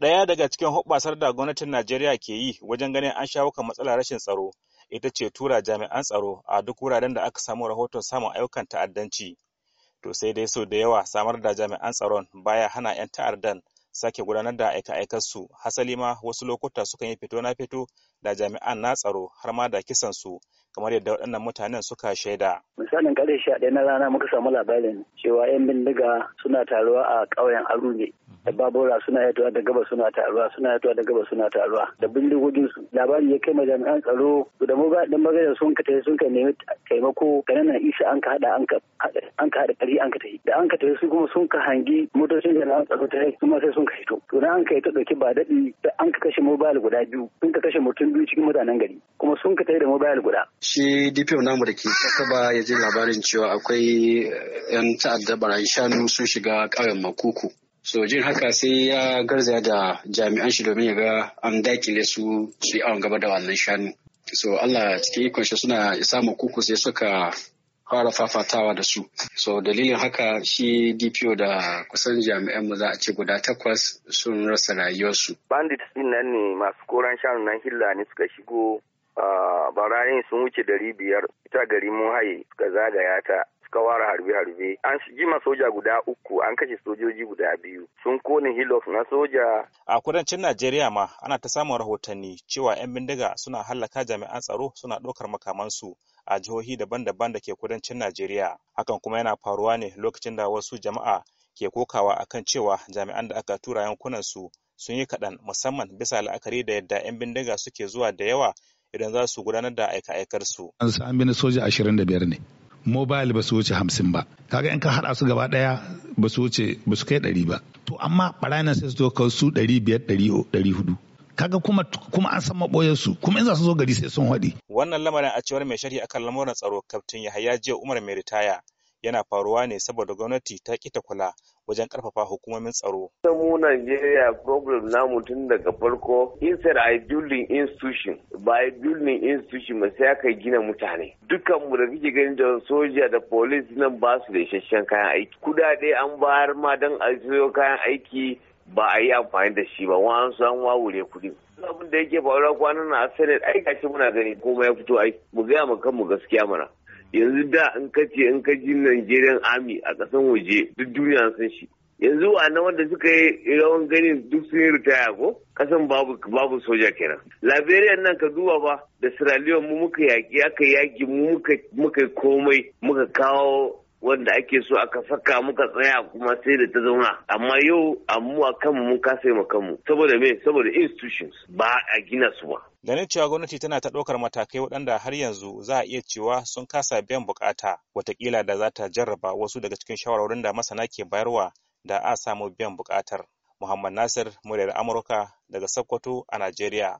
Ɗaya daga cikin hoɓɓasar da gwamnatin Najeriya ke yi wajen ganin an shawo kan matsalar rashin tsaro ita ce tura jami'an tsaro a duk wuraren da aka samu rahoton samun ayyukan ta'addanci. To sai dai sau da yawa samar da jami'an tsaron baya hana 'yan ta'addan sake gudanar da aika su hasali ma wasu lokuta sukan yi fito na fito da jami'an na tsaro har ma da kisan su kamar yadda waɗannan mutanen suka shaida. Misalin ƙarfe sha ɗaya na rana muka samu labarin cewa 'yan bindiga suna taruwa a ƙauyen Arube da babura suna yaduwa da gaba suna taruwa suna yaduwa da gaba suna taruwa da bindigogin su labari ya kai ma jami'an tsaro da moga dan magana sun ka tafi sun ka nemi taimako kananan isa an ka hada an ka an ka hada kari an ka tafi da an ka tafi su kuma sun ka hangi motocin jami'an tsaro ta kuma sai sun ka fito to na an ka yi ta dauki ba dadi da an ka kashe mobile guda biyu sun ka kashe mutum biyu cikin mutanen gari kuma sun ka tafi da mobile guda shi DPO namu da ke ba ya ji labarin cewa akwai eh, 'yan ta'adda barayin shanu sun shiga ƙauyen Makuku so jin haka sai ya garzaya da jami'an shi domin ya ga an dakile su su yi awon gaba da wannan shanu so Allah cikin ikon shi suna samun kuku sai suka fara fafatawa da su so dalilin haka shi DPO da kusan jami'an mu za a ce guda takwas sun rasa rayuwarsu bandits din nan ne masu koran shanu nan hilla ne suka shigo ah, barayin sun wuce dari biyar ita gari mun haye suka zagaya ta suka wara harbe-harbe an jima soja guda uku an kashe sojoji guda biyu sun kone hilox na soja a kudancin najeriya ma ana ta samun rahotanni cewa 'yan bindiga suna hallaka jami'an tsaro suna ɗaukar makamansu a jihohi daban-daban da ke kudancin najeriya hakan kuma yana faruwa ne lokacin da wasu jama'a ke kokawa akan cewa jami'an da aka tura yankunan su sun yi kaɗan musamman bisa la'akari da yadda 'yan bindiga suke zuwa da yawa idan za su gudanar da aika-aikarsu. An sami soja ashirin da biyar ne. mobile ba su wuce hamsin ba kaga in ka haɗa su gaba ɗaya ba su wuce ba su kai ɗari ba to amma ɓarayin sai su zo kawo su ɗari biyar ɗari hudu kaga kuma kuma an san su kuma in za su zo gari sai sun haɗi. wannan lamarin a cewar mai shari'a kan lamuran tsaro kaftin yahaya jiya umar mai ritaya yana faruwa ne saboda gwamnati ta ƙi ta kula wajen ƙarfafa hukumomin tsaro. Ta mu Najeriya problem na mutum daga farko instead a building institution ba a building institution ba sai aka gina mutane. Dukan mu da kike ganin da soja da police nan ba su da isasshen kayan aiki. Kudade an bayar ma don a kayan aiki ba a yi amfani da shi ba wani su an wawure kuɗi. Abin da yake faruwa kwanan na Senate ai muna gani kuma ya fito aiki. mu gaya mu kanmu gaskiya mana. yanzu da in ka ce in ka ji Nigerian Army a ƙasan waje duk duniya san shi yanzu a nan wanda suka yi rawan gani duk sun yi ritaya ko kasan babu babu soja kenan liberia nan ka duba ba da sierra leone mu muka yaki aka yaki mu muka muka komai muka kawo wanda ake so aka saka muka tsaya kuma sai da ta zauna amma yau amma a kanmu mun kasa ma kanmu saboda me saboda institutions ba a gina su ba ganin cewa gwamnati tana ta ɗaukar matakai waɗanda har yanzu za a iya cewa sun kasa biyan bukata watakila da za ta jarraba wasu daga cikin shawarwarin da masana ke bayarwa da a samu biyan bukatar muhammad nasir muryar amurka daga sokoto a najeriya